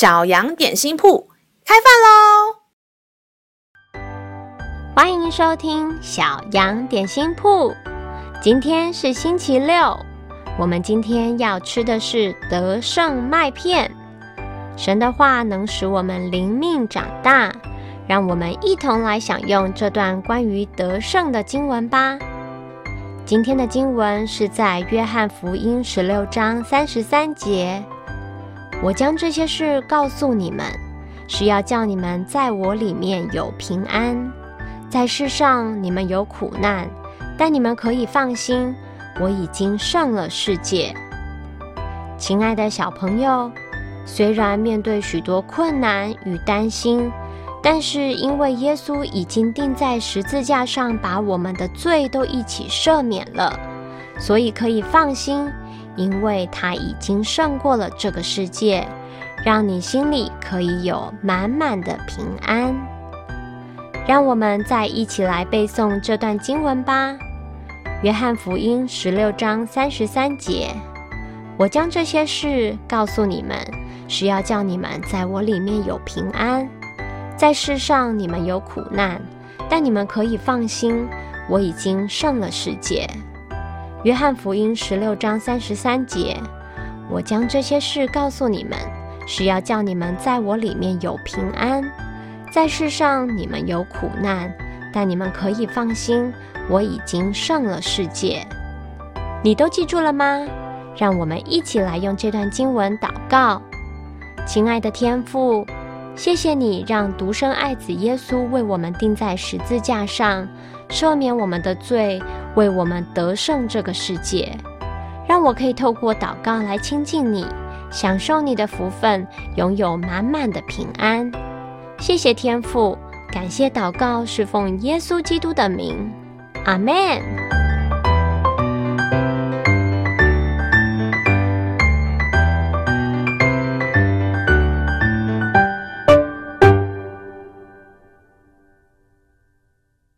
小羊點心鋪開飯嘍！歡迎收聽小羊點心鋪。今天是星期六，我們今天要吃的是得勝麥片。神的話能使我們靈命長大，讓我們一同來享用這段關於得勝的經文吧。今天的經文是在約翰福音十六章三十三節。我將這些事告訴你們，是要叫你們在我裡面有平安。在世上你們有苦難，但你們可以放心，我已經勝了世界。親愛的小朋友，雖然面對許多困難與擔心，但是因為耶穌已經釘在十字架上，把我們的罪都一起赦免了，所以可以放心。因為他已經勝過了這個世界，讓你心裡可以有滿滿的平安。讓我們再一起來背誦這段經文吧，《約翰福音》十六章三十三節：“我將這些事告訴你們，是要叫你們在我裡面有平安。在世上你們有苦難，但你們可以放心，我已經勝了世界。”約翰福音十六章三十三節，我將這些事告訴你們，是要叫你們在我裡面有平安。在世上你們有苦難，但你們可以放心，我已經勝了世界。你都記住了嗎？讓我們一起來用這段經文禱告，親愛的天父，謝謝你讓獨生愛子耶穌為我們釘在十字架上，赦免我們的罪。為我們得勝這個世界，讓我可以透過禱告來親近你，享受你的福分，擁有滿滿的平安。謝謝天父，感謝禱告是奉耶穌基督的名，阿門。